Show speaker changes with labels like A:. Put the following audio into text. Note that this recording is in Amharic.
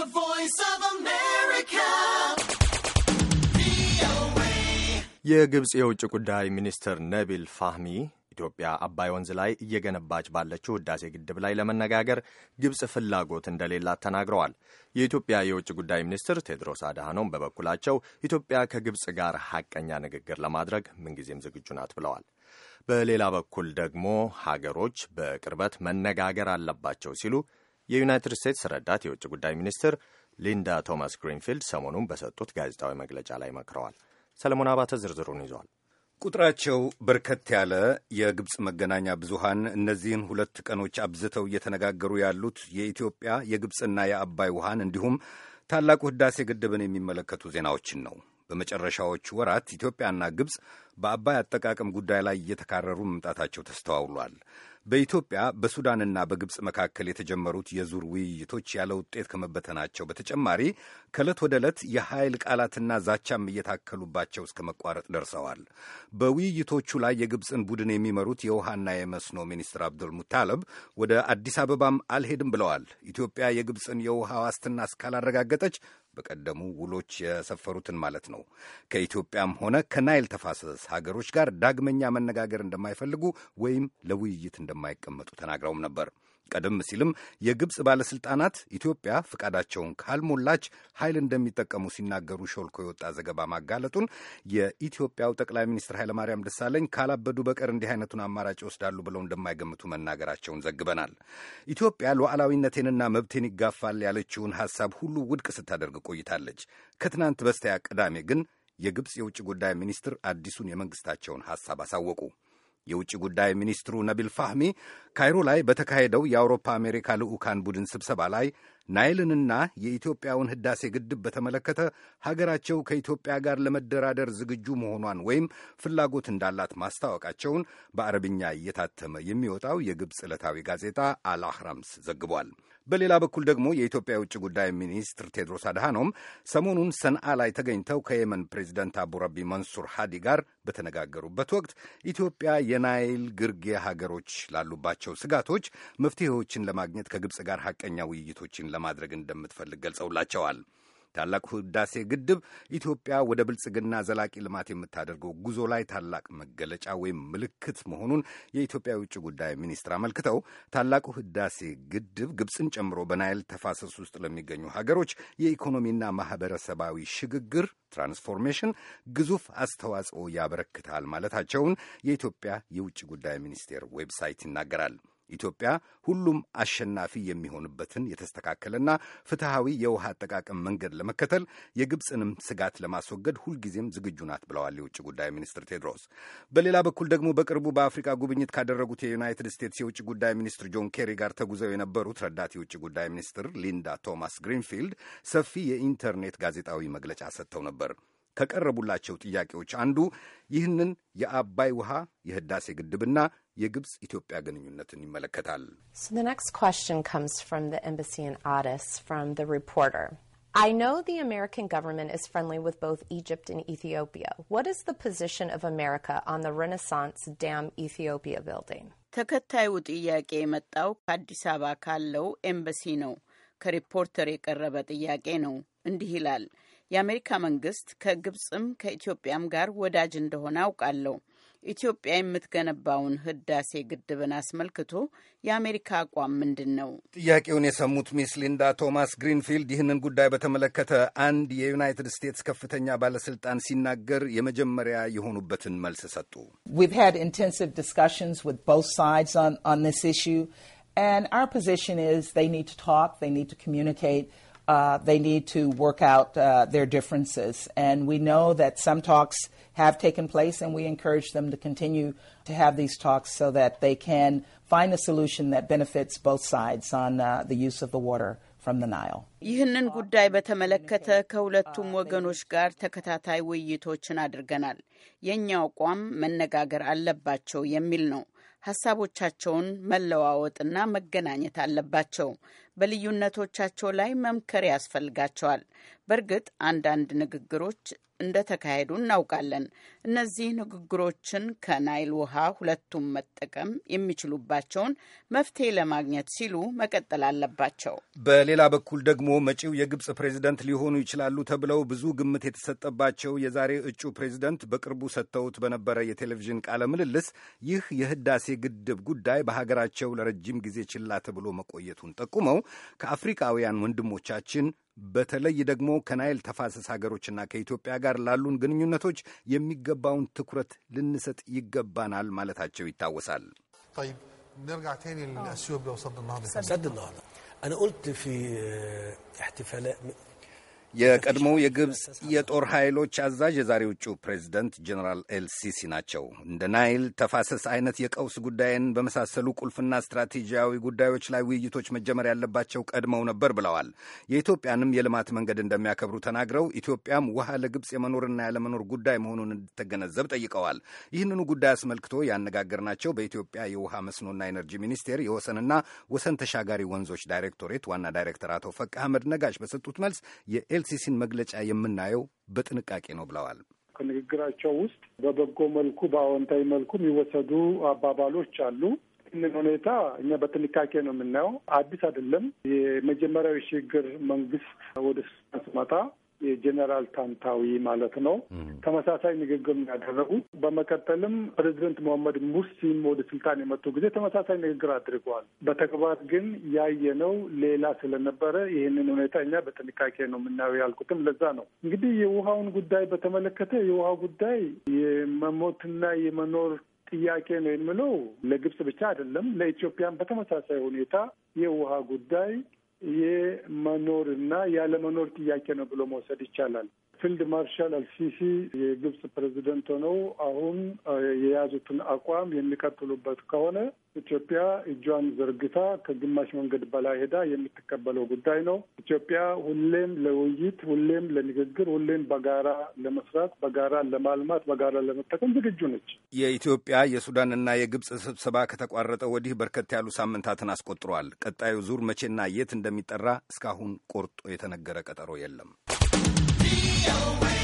A: The Voice of America.
B: የግብፅ የውጭ ጉዳይ ሚኒስትር ነቢል ፋህሚ ኢትዮጵያ አባይ ወንዝ ላይ እየገነባች ባለችው ህዳሴ ግድብ ላይ ለመነጋገር ግብፅ ፍላጎት እንደሌላት ተናግረዋል። የኢትዮጵያ የውጭ ጉዳይ ሚኒስትር ቴድሮስ አድሃኖም በበኩላቸው ኢትዮጵያ ከግብፅ ጋር ሐቀኛ ንግግር ለማድረግ ምንጊዜም ዝግጁ ናት ብለዋል። በሌላ በኩል ደግሞ ሀገሮች በቅርበት መነጋገር አለባቸው ሲሉ የዩናይትድ ስቴትስ ረዳት የውጭ ጉዳይ ሚኒስትር ሊንዳ ቶማስ ግሪንፊልድ ሰሞኑን በሰጡት ጋዜጣዊ መግለጫ ላይ መክረዋል። ሰለሞን አባተ ዝርዝሩን ይዟል። ቁጥራቸው በርከት ያለ የግብፅ መገናኛ ብዙሃን እነዚህን ሁለት ቀኖች አብዝተው እየተነጋገሩ ያሉት የኢትዮጵያ የግብፅና የአባይ ውሃን እንዲሁም ታላቁ ህዳሴ ግድብን የሚመለከቱ ዜናዎችን ነው። በመጨረሻዎቹ ወራት ኢትዮጵያና ግብፅ በአባይ አጠቃቀም ጉዳይ ላይ እየተካረሩ መምጣታቸው ተስተዋውሏል። በኢትዮጵያ በሱዳንና በግብፅ መካከል የተጀመሩት የዙር ውይይቶች ያለ ውጤት ከመበተናቸው በተጨማሪ ከዕለት ወደ ዕለት የኃይል ቃላትና ዛቻም እየታከሉባቸው እስከ መቋረጥ ደርሰዋል። በውይይቶቹ ላይ የግብፅን ቡድን የሚመሩት የውሃና የመስኖ ሚኒስትር አብዱል ሙታለብ ወደ አዲስ አበባም አልሄድም ብለዋል። ኢትዮጵያ የግብፅን የውሃ ዋስትና እስካላረጋገጠች በቀደሙ ውሎች የሰፈሩትን ማለት ነው ከኢትዮጵያም ሆነ ከናይል ተፋሰስ ሀገሮች ጋር ዳግመኛ መነጋገር እንደማይፈልጉ ወይም ለውይይት እንደማይቀመጡ ተናግረውም ነበር። ቀደም ሲልም የግብፅ ባለሥልጣናት ኢትዮጵያ ፍቃዳቸውን ካልሞላች ኃይል እንደሚጠቀሙ ሲናገሩ ሾልኮ የወጣ ዘገባ ማጋለጡን የኢትዮጵያው ጠቅላይ ሚኒስትር ኃይለማርያም ደሳለኝ ካላበዱ በቀር እንዲህ አይነቱን አማራጭ ይወስዳሉ ብለው እንደማይገምቱ መናገራቸውን ዘግበናል። ኢትዮጵያ ሉዓላዊነቴንና መብቴን ይጋፋል ያለችውን ሐሳብ ሁሉ ውድቅ ስታደርግ ቆይታለች። ከትናንት በስቲያ ቅዳሜ ግን የግብፅ የውጭ ጉዳይ ሚኒስትር አዲሱን የመንግሥታቸውን ሐሳብ አሳወቁ። የውጭ ጉዳይ ሚኒስትሩ ነቢል ፋህሚ ካይሮ ላይ በተካሄደው የአውሮፓ አሜሪካ ልዑካን ቡድን ስብሰባ ላይ ናይልንና የኢትዮጵያውን ህዳሴ ግድብ በተመለከተ ሀገራቸው ከኢትዮጵያ ጋር ለመደራደር ዝግጁ መሆኗን ወይም ፍላጎት እንዳላት ማስታወቃቸውን በአረብኛ እየታተመ የሚወጣው የግብፅ ዕለታዊ ጋዜጣ አልአህራምስ ዘግቧል። በሌላ በኩል ደግሞ የኢትዮጵያ የውጭ ጉዳይ ሚኒስትር ቴድሮስ አድሃኖም ሰሞኑን ሰንዓ ላይ ተገኝተው ከየመን ፕሬዚደንት አቡረቢ መንሱር ሃዲ ጋር በተነጋገሩበት ወቅት ኢትዮጵያ የናይል ግርጌ ሀገሮች ላሉባቸው ስጋቶች መፍትሄዎችን ለማግኘት ከግብፅ ጋር ሀቀኛ ውይይቶችን ለማድረግ እንደምትፈልግ ገልጸውላቸዋል። ታላቁ ህዳሴ ግድብ ኢትዮጵያ ወደ ብልጽግና ዘላቂ ልማት የምታደርገው ጉዞ ላይ ታላቅ መገለጫ ወይም ምልክት መሆኑን የኢትዮጵያ የውጭ ጉዳይ ሚኒስትር አመልክተው ታላቁ ህዳሴ ግድብ ግብፅን ጨምሮ በናይል ተፋሰስ ውስጥ ለሚገኙ ሀገሮች የኢኮኖሚና ማህበረሰባዊ ሽግግር ትራንስፎርሜሽን ግዙፍ አስተዋጽኦ ያበረክታል ማለታቸውን የኢትዮጵያ የውጭ ጉዳይ ሚኒስቴር ዌብሳይት ይናገራል። ኢትዮጵያ ሁሉም አሸናፊ የሚሆንበትን የተስተካከለና ፍትሐዊ የውሃ አጠቃቀም መንገድ ለመከተል የግብፅንም ስጋት ለማስወገድ ሁልጊዜም ዝግጁ ናት ብለዋል የውጭ ጉዳይ ሚኒስትር ቴድሮስ። በሌላ በኩል ደግሞ በቅርቡ በአፍሪካ ጉብኝት ካደረጉት የዩናይትድ ስቴትስ የውጭ ጉዳይ ሚኒስትር ጆን ኬሪ ጋር ተጉዘው የነበሩት ረዳት የውጭ ጉዳይ ሚኒስትር ሊንዳ ቶማስ ግሪንፊልድ ሰፊ የኢንተርኔት ጋዜጣዊ መግለጫ ሰጥተው ነበር። ከቀረቡላቸው ጥያቄዎች አንዱ ይህንን የአባይ ውሃ የህዳሴ ግድብና የግብፅ ኢትዮጵያ ግንኙነትን ይመለከታል።
A: I know the American government is friendly with both Egypt and Ethiopia. What is the position of America on the Renaissance Dam Ethiopia building? ተከታዩ ጥያቄ የመጣው ከአዲስ አበባ ካለው ኤምባሲ ነው። ከሪፖርተር የቀረበ ጥያቄ ነው። እንዲህ ይላል። የአሜሪካ መንግስት ከግብፅም ከኢትዮጵያም ጋር ወዳጅ እንደሆነ አውቃለሁ። ኢትዮጵያ የምትገነባውን ህዳሴ ግድብን አስመልክቶ የአሜሪካ አቋም ምንድን ነው?
B: ጥያቄውን የሰሙት ሚስ ሊንዳ ቶማስ ግሪንፊልድ ይህንን ጉዳይ በተመለከተ አንድ የዩናይትድ ስቴትስ ከፍተኛ ባለስልጣን ሲናገር የመጀመሪያ የሆኑበትን መልስ ሰጡ።
A: ን uh, they need to work out uh, their differences. And we know that some talks have taken place, and we encourage them to continue to have these talks so that they can find a solution that benefits both sides on uh, the use of the water ይህንን ጉዳይ በተመለከተ ከሁለቱም ወገኖች ጋር ተከታታይ ውይይቶችን አድርገናል። የእኛ አቋም መነጋገር አለባቸው የሚል ነው። ሀሳቦቻቸውን መለዋወጥና መገናኘት አለባቸው። በልዩነቶቻቸው ላይ መምከር ያስፈልጋቸዋል። በእርግጥ አንዳንድ ንግግሮች እንደተካሄዱ እናውቃለን። እነዚህ ንግግሮችን ከናይል ውሃ ሁለቱም መጠቀም የሚችሉባቸውን መፍትሄ ለማግኘት ሲሉ መቀጠል አለባቸው።
B: በሌላ በኩል ደግሞ መጪው የግብፅ ፕሬዚደንት ሊሆኑ ይችላሉ ተብለው ብዙ ግምት የተሰጠባቸው የዛሬ እጩ ፕሬዚደንት በቅርቡ ሰጥተውት በነበረ የቴሌቪዥን ቃለ ምልልስ ይህ የህዳሴ ግድብ ጉዳይ በሀገራቸው ለረጅም ጊዜ ችላ ተብሎ መቆየቱን ጠቁመው ከአፍሪካውያን ወንድሞቻችን በተለይ ደግሞ ከናይል ተፋሰስ ሀገሮችና ከኢትዮጵያ ጋር ላሉን ግንኙነቶች የሚገባውን ትኩረት ልንሰጥ ይገባናል ማለታቸው ይታወሳል። የቀድሞው የግብፅ የጦር ኃይሎች አዛዥ የዛሬ ውጭ ፕሬዚደንት ጀኔራል ኤልሲሲ ናቸው። እንደ ናይል ተፋሰስ አይነት የቀውስ ጉዳይን በመሳሰሉ ቁልፍና ስትራቴጂያዊ ጉዳዮች ላይ ውይይቶች መጀመር ያለባቸው ቀድመው ነበር ብለዋል። የኢትዮጵያንም የልማት መንገድ እንደሚያከብሩ ተናግረው ኢትዮጵያም ውሃ ለግብፅ የመኖርና ያለመኖር ጉዳይ መሆኑን እንድትገነዘብ ጠይቀዋል። ይህንኑ ጉዳይ አስመልክቶ ያነጋገርናቸው በኢትዮጵያ የውሃ መስኖና ኤነርጂ ሚኒስቴር የወሰንና ወሰን ተሻጋሪ ወንዞች ዳይሬክቶሬት ዋና ዳይሬክተር አቶ ፈቅ አህመድ ነጋሽ በሰጡት መልስ የኤልሲሲን መግለጫ የምናየው በጥንቃቄ ነው ብለዋል።
C: ከንግግራቸው ውስጥ በበጎ መልኩ በአዎንታዊ መልኩ የሚወሰዱ አባባሎች አሉ። ይህንን ሁኔታ እኛ በጥንቃቄ ነው የምናየው። አዲስ አይደለም። የመጀመሪያው የሽግግር መንግስት ወደ ስልጣን የጀነራል ታንታዊ ማለት ነው ተመሳሳይ ንግግር ያደረጉ። በመቀጠልም ፕሬዚደንት መሐመድ ሙርሲም ወደ ስልጣን የመጡ ጊዜ ተመሳሳይ ንግግር አድርገዋል። በተግባር ግን ያየነው ሌላ ስለነበረ ይህንን ሁኔታ እኛ በጥንቃቄ ነው የምናየው ያልኩትም ለዛ ነው። እንግዲህ የውሃውን ጉዳይ በተመለከተ የውሃ ጉዳይ የመሞትና የመኖር ጥያቄ ነው የምለው ለግብጽ ብቻ አይደለም፣ ለኢትዮጵያን በተመሳሳይ ሁኔታ የውሃ ጉዳይ የመኖርና ያለመኖር ጥያቄ ነው ብሎ መውሰድ ይቻላል። ፊልድ ማርሻል አልሲሲ የግብጽ ፕሬዚደንት ሆነው አሁን የያዙትን አቋም የሚቀጥሉበት ከሆነ ኢትዮጵያ እጇን ዘርግታ ከግማሽ መንገድ በላይ ሄዳ የምትቀበለው ጉዳይ ነው። ኢትዮጵያ ሁሌም ለውይይት፣ ሁሌም ለንግግር፣ ሁሌም በጋራ ለመስራት፣ በጋራ ለማልማት፣ በጋራ ለመጠቀም ዝግጁ ነች።
B: የኢትዮጵያ የሱዳንና የግብጽ ስብሰባ ከተቋረጠ ወዲህ በርከት ያሉ ሳምንታትን አስቆጥሯል። ቀጣዩ ዙር መቼና የት እንደሚጠራ እስካሁን ቆርጦ የተነገረ ቀጠሮ የለም። right.